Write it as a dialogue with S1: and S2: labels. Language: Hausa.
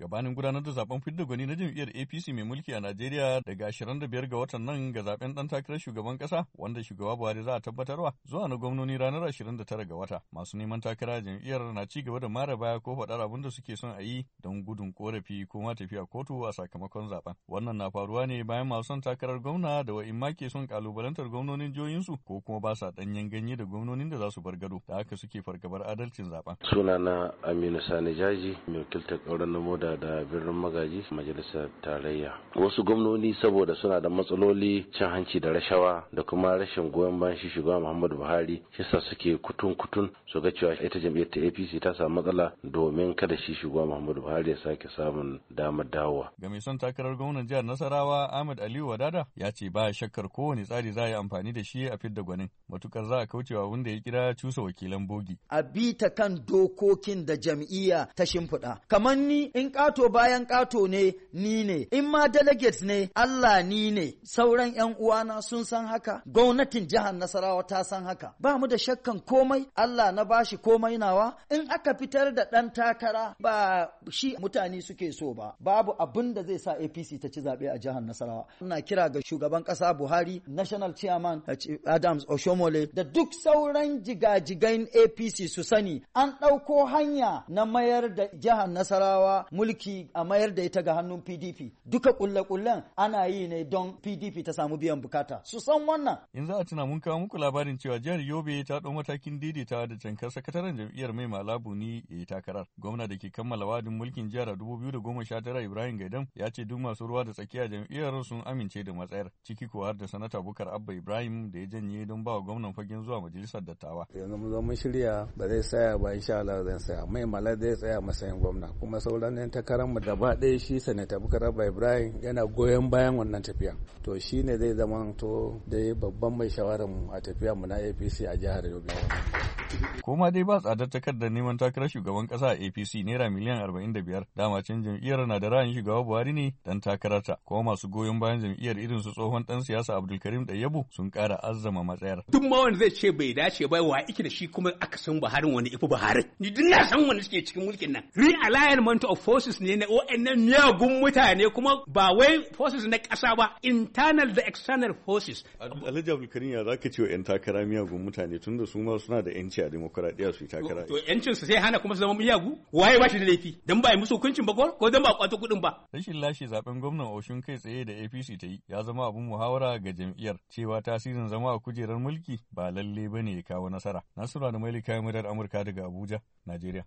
S1: gabanin gudanar da zaben fidda gwani na jam'iyyar APC mai mulki a Najeriya daga 25 ga watan nan ga zaben dan takarar shugaban kasa wanda shugaba Buhari za a tabbatarwa zuwa na gwamnoni ranar 29 ga wata. Masu neman takara jam'iyyar na ci gaba da mara baya ko faɗar abin da suke son a yi don gudun korafi ko ma tafiya kotu a sakamakon zaben. Wannan na faruwa ne bayan masu son takarar gwamna da wa'in ma ke son kalubalantar gwamnonin jihohinsu ko kuma ba sa ɗanyen ganye da gwamnonin da za su bar gado da haka suke fargabar adalcin zaben.
S2: Sunana Aminu Sani Jaji, mai wakiltar ƙauran namo da da birnin magaji majalisar tarayya wasu gwamnoni saboda suna da matsaloli cin hanci da rashawa da kuma rashin goyon bayan shi shugaba muhammadu buhari shisa suke kutun kutun su ga cewa ita jam'iyyar ta apc ta samu matsala domin kada shi shugaba muhammadu buhari ya sake samun damar dawowa
S1: ga mai son takarar gwamnan jihar nasarawa ahmad aliyu wadada ya ce ba shakkar kowane tsari za a yi amfani da shi a fidda gwanin matukar za a kaucewa wanda ya kira cusa wakilan bogi
S3: a bi ta kan dokokin da jam'iyya ta shimfiɗa kamar ni in ƙato bayan ƙato ne ni ne, in ma delegates ne Allah ni ne, sauran ‘yan uwana sun san haka, gwamnatin jihar Nasarawa ta san haka, ba mu da shakkan komai Allah na bashi komai nawa, in aka fitar da ɗan takara ba shi mutane suke so ba, babu abin da zai sa APC ta ci zaɓe a jihar Nasarawa. Ina kira ga shugaban ƙasa Buhari, National Chairman Adams Oshomole da duk sauran jigajigan APC su sani an ɗauko hanya na mayar da jihar Nasarawa mu mulki a mayar da ita ga hannun PDP duka kulle-kullen ana yi ne don PDP ta samu biyan bukata su san wannan
S1: za a tuna mun kawo muku labarin cewa jihar Yobe ta ɗau matakin daidaita da cankar sakataren jam'iyyar mai malabu ni ya yi takarar gwamna da ke kammala wadin mulkin jihar a 2019 Ibrahim Gaidam ya ce duk masu ruwa da tsakiya jam'iyyar sun amince da matsayar ciki kuwa har da sanata Bukar Abba Ibrahim da ya janye don ba wa gwamnan fagen zuwa majalisar dattawa
S2: yanzu mun zo mun
S4: shirya ba zai saya ba insha Allah zan tsaya mai malar zai tsaya matsayin gwamna kuma sauran da gaba ɗaya shi sanata bukar abba ibrahim yana goyon bayan wannan tafiya to shi ne zai zama to dai babban mai shawararmu a tafiya mu na apc a jihar yobe
S1: Koma dai ba tsadar takardar neman takarar shugaban kasa a APC naira miliyan 45 dama can jam'iyyar na da ra'ayin shugaba Buhari ne dan takararta kuma masu goyon bayan jam'iyyar irin su tsohon dan siyasa Abdulkarim da yabu sun kara azzama matsayar.
S4: Duk ma wanda zai ce bai dace ba wa
S1: ike da shi kuma
S4: aka san Buhari wani ifi Buhari. Ni duk na san wanda suke cikin mulkin nan. Realignment of forces ne na ONN miyagun mutane kuma ba wai forces na kasa ba internal da external forces.
S1: Alhaji Abdulkarim ya zaka ce wa 'yan takara miyagun mutane tunda su ma suna da 'yanci a demokradiyya su ta kira. to yancin su sai hana kuma su zama miyagu waye ba shi da laifi dan ba yi musu hukuncin ba ko ko dan ba kwato kudin ba rashin lashe zaben gwamnan Oshun kai tsaye da APC ta yi ya zama abin muhawara ga jam'iyyar cewa tasirin zama a kujerar mulki ba lalle ne ya kawo nasara nasura da mailika murar Amurka daga Abuja Najeriya